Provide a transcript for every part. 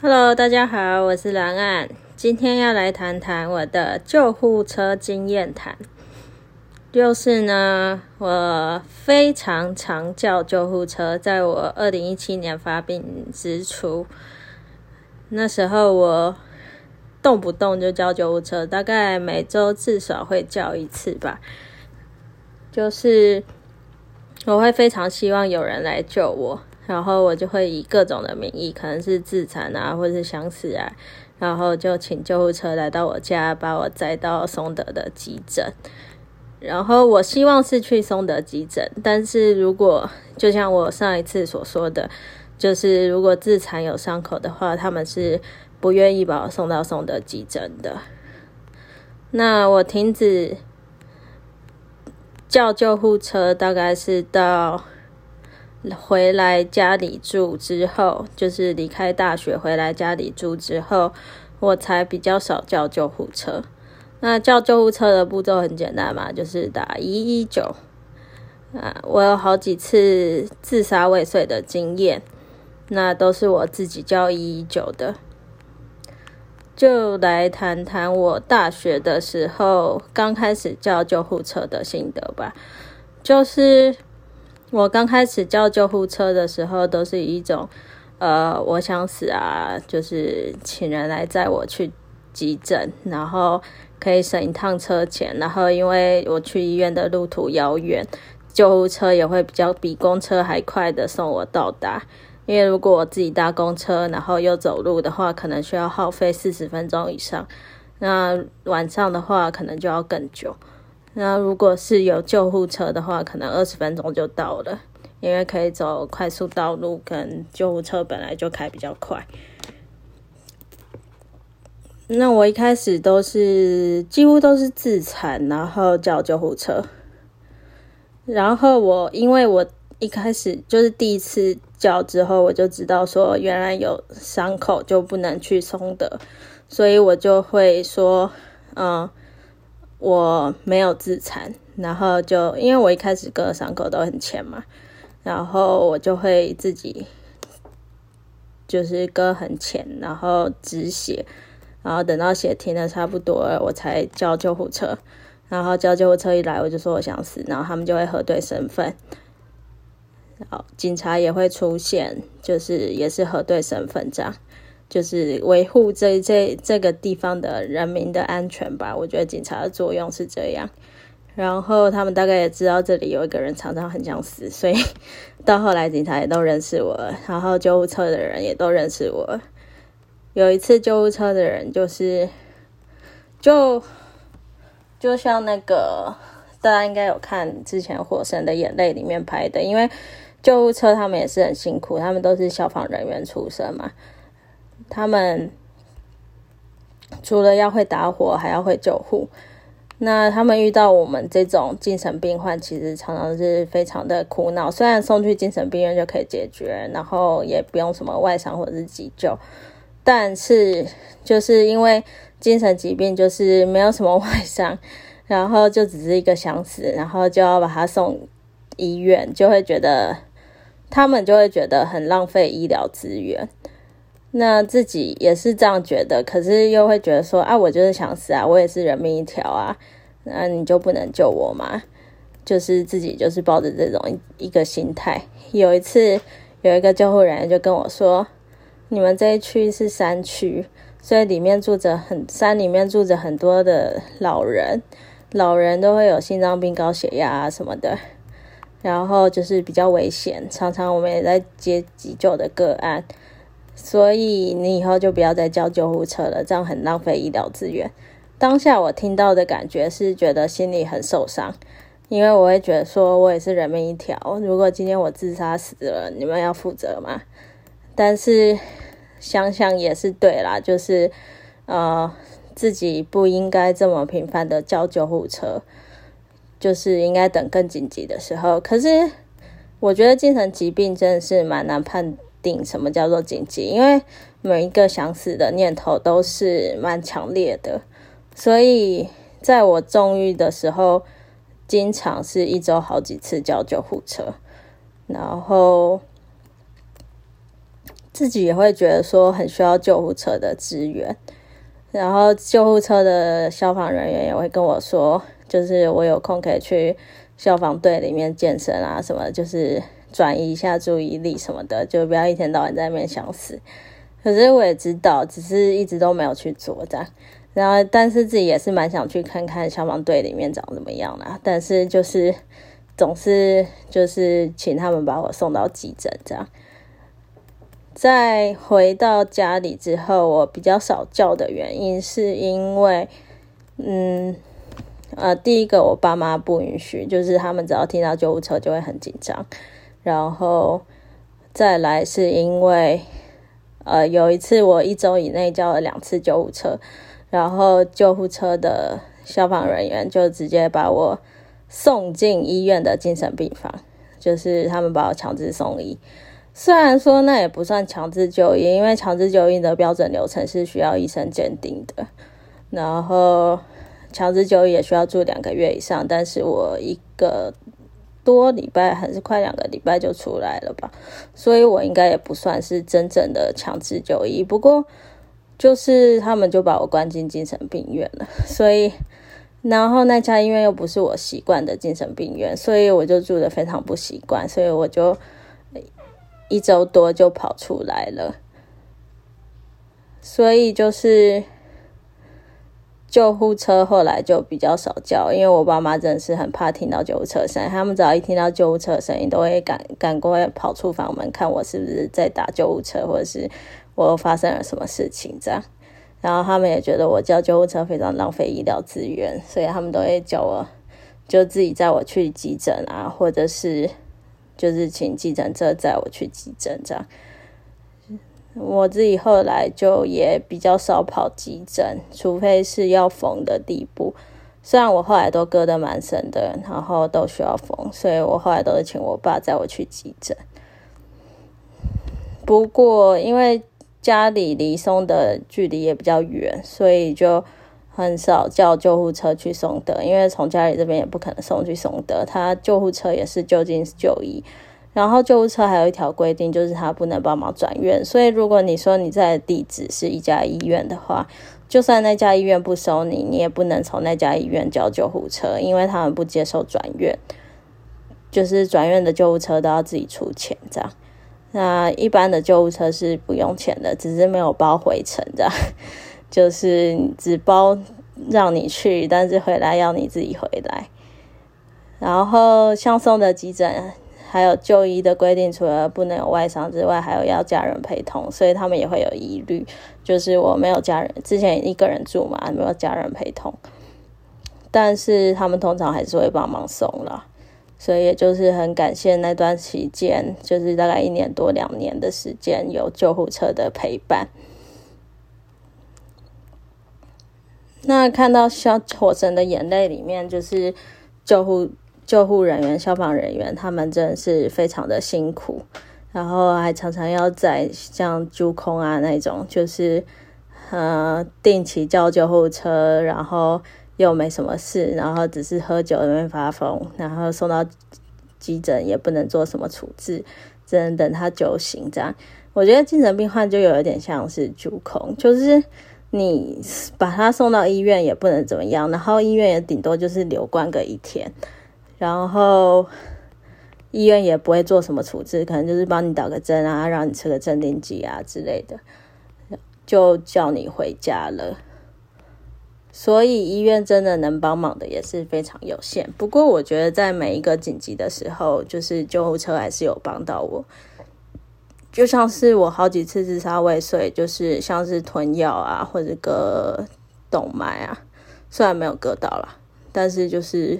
Hello，大家好，我是藍岸。今天要來談談我的救護車經驗談。就是呢，我非常常叫救護車。在我二零一七年發病之初，那時候我動不動就叫救護車，大概每周至少會叫一次吧。就是我會非常希望有人來救我。然後我就會以各種的名義，可能是自殘啊，或是想死啊，然後就請救護車來到我家，把我載到松德的急診。然後我希望是去松德急診，但是如果就像我上一次所說的，就是如果自殘有傷口的話，他們是不願意把我送到松德急診的。那我停止叫救護車，大概是到。回來家裡住之後，就是離開大學回來家裡住之後，我才比較少叫救護車。那叫救護車的步驟很簡單嘛，就是打一一九。啊，我有好幾次自殺未遂的經驗，那都是我自己叫一一九的。就來談談我大學的時候剛開始叫救護車的心得吧，就是。我剛開始叫救護車的時候，都是一種，呃，我想死啊，就是請人來載我去急診，然後可以省一趟車錢。然後因為我去醫院的路途遙遠，救護車也會比較比公車還快的送我到達。因為如果我自己搭公車，然後又走路的話，可能需要耗費四十分鐘以上。那晚上的話，可能就要更久。那如果是有救護車的話，可能二十分鐘就到了，因為可以走快速道路，跟救護車本來就開比較快。那我一開始都是幾乎都是自殘，然後叫救護車。然後我因為我一開始就是第一次叫之後，我就知道說，原來有傷口就不能去松德，所以我就會說，嗯。我沒有自殘，然後就因為我一開始割傷口都很淺嘛，然後我就會自己就是割很淺，然後止血，然後等到血停的差不多了，我才叫救護車。然後叫救護車一來，我就說我想死，然後他們就會核對身份，然後警察也會出現，就是也是核對身份這樣。就是維護這這這個地方的人民的安全吧。我覺得警察的作用是這樣。然後他們大概也知道這裡有一個人常常很想死，所以到後來警察也都認識我，然後救護車的人也都認識我。有一次救護車的人就是就就像那個大家應該有看之前《火神的眼淚》裡面拍的，因為救護車他們也是很辛苦，他們都是消防人員出身嘛。他們除了要會打火，還要會救護。那他們遇到我們這種精神病患，其實常常是非常的苦惱。雖然送去精神病院就可以解決，然後也不用什麼外傷或者是急救，但是就是因為精神疾病，就是沒有什麼外傷，然後就只是一個想死，然後就要把他送醫院，就會覺得他們就會覺得很浪費醫療資源。那自己也是這樣覺得，可是又會覺得說，啊，我就是想死啊，我也是人命一條啊，那你就不能救我嗎？就是自己就是抱着這種一個心態。有一次，有一個救護人員就跟我說，你們這一區是山區，所以裡面住着很山裡面住着很多的老人，老人都會有心臟病、高血壓啊什麼的，然後就是比較危險，常常我們也在接急救的個案。所以你以後就不要再叫救護車了，這樣很浪費醫療資源。當下我聽到的感覺是覺得心裡很受傷，因為我會覺得說我也是人命一條，如果今天我自殺死了，你們要負責嗎？但是想想也是對啦，就是呃自己不應該這麼頻繁的叫救護車，就是應該等更緊急的時候。可是我覺得精神疾病真的是蠻難判定什麼叫做緊急？因為每一個想死的念頭都是蠻強烈的，所以在我重鬱的時候，經常是一周好幾次叫救護車，然後自己也會覺得說很需要救護車的支援，然後救護車的消防人員也會跟我說，就是我有空可以去消防隊裡面健身啊，什麼就是。轉移一下注意力什麼的，就不要一天到晚在那邊想死。可是我也知道，只是一直都沒有去做這樣。然後，但是自己也是蠻想去看看消防隊裡面長怎麼樣啦。但是就是總是就是請他們把我送到急診這樣。在回到家裡之後，我比較少叫的原因是因為，嗯，呃，第一個我爸媽不允許，就是他們只要聽到救護車就會很緊張。然後再來是因為，呃，有一次我一周以內叫了兩次救護車，然後救護車的消防人員就直接把我送進醫院的精神病房，就是他們把我強制送醫。雖然說那也不算強制就醫，因為強制就醫的標準流程是需要醫生鑑定的，然後強制就醫也需要住兩個月以上，但是我一個。多禮拜還是快兩個禮拜就出來了吧，所以我應該也不算是真正的強制就醫。不過就是他們就把我關進精神病院了，所以然後那家醫院又不是我習慣的精神病院，所以我就住的非常不習慣，所以我就一周多就跑出來了。所以就是。救護車後來就比較少叫，因為我爸媽真的是很怕聽到救護車聲，他們只要一聽到救護車聲音，都會趕趕過來跑出房門看我是不是在打救護車，或者是我發生了什麼事情這樣。然後他們也覺得我叫救護車非常浪費醫療資源，所以他們都會叫我就自己載我去急診啊，或者是就是請計程車載我去急診這樣。我自己後來就也比較少跑急診，除非是要縫的地步。雖然我後來都割的蠻深的，然後都需要縫，所以我後來都是請我爸帶我去急診。不過因為家裡離松德距離也比較遠，所以就很少叫救護車去松德，因為從家裡這邊也不可能送去松德，他救護車也是就近就醫。然後救護車還有一條規定，就是他不能幫忙轉院。所以如果你說你在地址是一家醫院的話，就算那家醫院不收你，你也不能從那家醫院叫救護車，因為他們不接受轉院。就是轉院的救護車都要自己出錢這樣。那一般的救護車是不用錢的，只是沒有包回程這樣，就是只包讓你去，但是回來要你自己回來。然後像送的急診。還有就醫的規定，除了不能有外傷之外，還有要家人陪同，所以他們也會有疑慮，就是我沒有家人，之前一個人住嘛，沒有家人陪同，但是他們通常還是會幫忙送啦，所以也就是很感謝那段期間，就是大概一年多兩年的時間，有救護車的陪伴。那看到像火神的眼淚裡面，就是救護。救護人員、消防人員，他們真的是非常的辛苦，然後還常常要在像豬空啊那種，就是呃定期叫救護車，然後又沒什麼事，然後只是喝酒裡面發瘋，然後送到急診也不能做什麼處置，只能等他酒醒。這樣，我覺得精神病患就有一點像是豬空，就是你把他送到醫院也不能怎麼樣，然後醫院也頂多就是留觀個一天。然後醫院也不會做什麼處置，可能就是幫你打個針啊，讓你吃個鎮定劑啊之類的，就叫你回家了。所以醫院真的能幫忙的也是非常有限。不過我覺得在每一個緊急的時候，就是救護車還是有幫到我。就像是我好幾次自殺未遂，就是像是吞藥啊，或者割動脈啊，雖然沒有割到了，但是就是。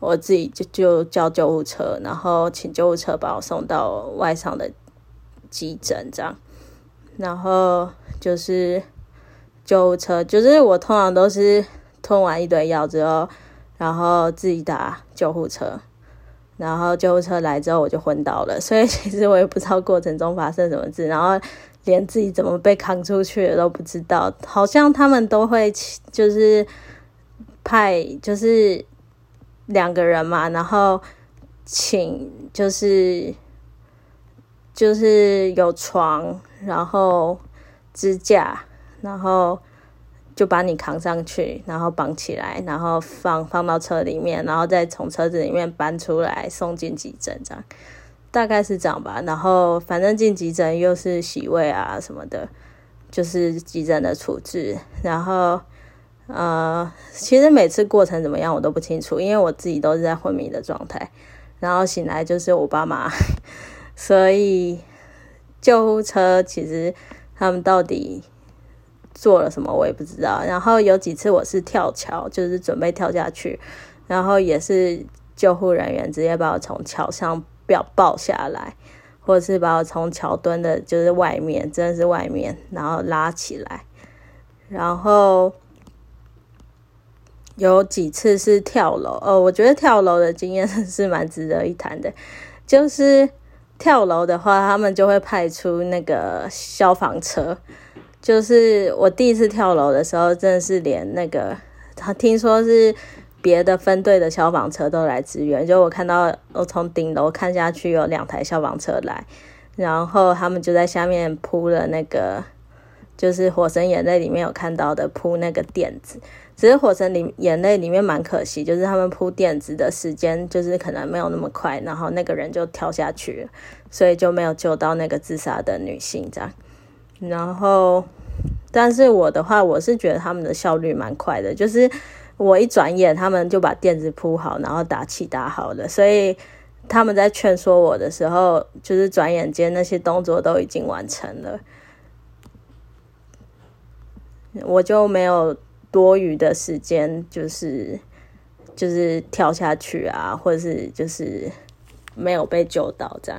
我自己就就叫救護車，然後請救護車把我送到外傷的急診，這樣，然後就是救護車，就是我通常都是吞完一堆藥之後，然後自己打救護車，然後救護車來之後我就昏倒了，所以其實我也不知道過程中發生什麼事，然後連自己怎麼被扛出去的都不知道，好像他們都會就是派就是。兩個人嘛，然後請就是就是有床，然後支架，然後就把你扛上去，然後綁起來，然後放放到車裡面，然後再從車子裡面搬出來送進急診，這樣大概是這樣吧。然後反正進急診又是洗胃啊什麼的，就是急診的處置，然後。呃，其實每次過程怎麼樣我都不清楚，因為我自己都是在昏迷的狀態，然後醒來就是我爸媽，所以救護車其實他們到底做了什麼我也不知道。然後有幾次我是跳橋，就是準備跳下去，然後也是救護人員直接把我從橋上抱抱下來，或者是把我從橋墩的，就是外面，真的是外面，然後拉起來，然後。有幾次是跳樓哦，我覺得跳樓的經驗是蠻值得一談的。就是跳樓的話，他們就會派出那個消防車。就是我第一次跳樓的時候，真的是連那個，他聽說是別的分隊的消防車都來支援。就我看到，我從頂樓看下去，有兩台消防車來，然後他們就在下面鋪了那個。就是火神眼淚裡面有看到的鋪那個墊子，只是火神裡眼淚裡面蠻可惜，就是他們鋪墊子的時間就是可能沒有那麼快，然後那個人就跳下去，所以就沒有救到那個自殺的女性這樣。然後，但是我的話，我是覺得他們的效率蠻快的，就是我一轉眼他們就把墊子鋪好，然後打氣打好了，所以他們在勸說我的時候，就是轉眼間那些動作都已經完成了。我就沒有多餘的時間，就是就是跳下去啊，或者是就是沒有被救到這樣。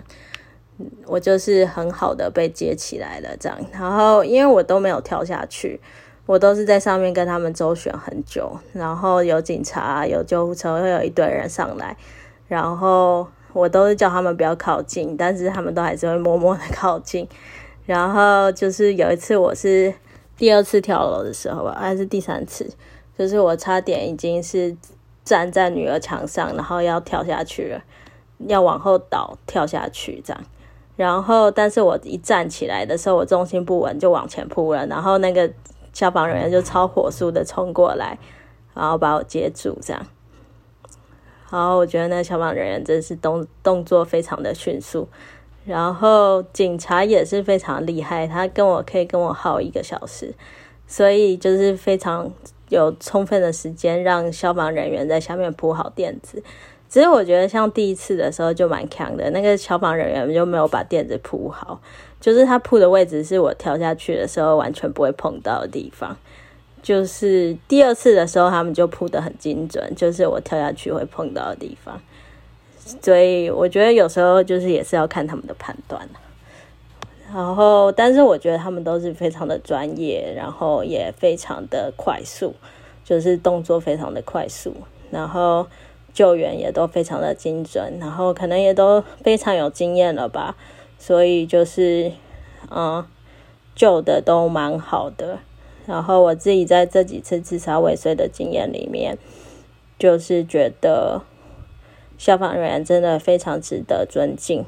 嗯，我就是很好的被接起來了這樣。然後因為我都沒有跳下去，我都是在上面跟他們周旋很久。然後有警察啊，有救護車，會有一堆人上來。然後我都是叫他們不要靠近，但是他們都還是會默默的靠近。然後就是有一次我是。第二次跳樓的時候吧，還是第三次，就是我差點已經是站在女兒牆上，然後要跳下去了，要往後倒跳下去這樣。然後，但是我一站起來的時候，我重心不穩就往前撲了。然後那個消防人員就超火速的衝過來，然後把我接住這樣。然後我覺得那個消防人員真是動動作非常的迅速。然後警察也是非常厲害，他跟我可以跟我耗一個小時，所以就是非常有充分的時間讓消防人員在下面鋪好墊子。只是我覺得像第一次的時候就蠻強的，那個消防人員就沒有把墊子鋪好，就是他鋪的位置是我跳下去的時候完全不會碰到的地方。就是第二次的時候，他們就鋪得很精準，就是我跳下去會碰到的地方。所以我覺得有時候就是也是要看他們的判斷，然後但是我覺得他們都是非常的專業，然後也非常的快速，就是動作非常的快速，然後救援也都非常的精準，然後可能也都非常有經驗了吧。所以就是嗯，救的都蠻好的。然後我自己在這幾次自殺未遂的經驗裡面，就是覺得。消防人員真的非常值得尊敬，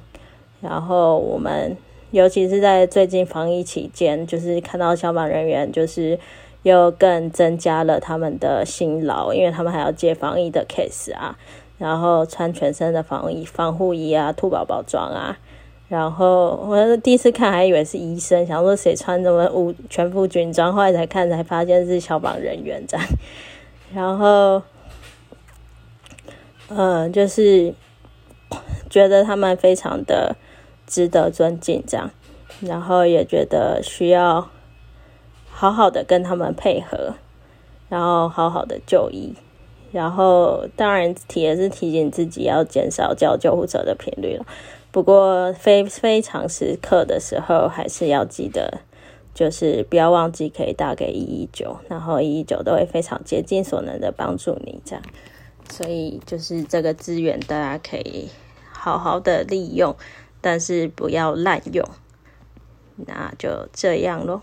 然後我們尤其是在最近防疫期間，就是看到消防人員，就是又更增加了他們的辛勞，因為他們還要接防疫的 case 啊，然後穿全身的防疫防護衣啊、兔寶寶裝啊，然後我第一次看還以為是醫生，想說誰穿這麼無全副軍裝，後來才看才發現是消防人員在，然後。嗯，就是覺得他們非常的值得尊敬，這樣，然後也覺得需要好好的跟他們配合，然後好好的就醫，然後當然也是提醒自己要減少叫救護車的頻率了。不過非非常時刻的時候，還是要記得，就是不要忘記可以打給一一九，然後一一九都會非常竭盡所能的幫助你這樣。所以就是這個資源，大家可以好好的利用，但是不要濫用。那就這樣咯。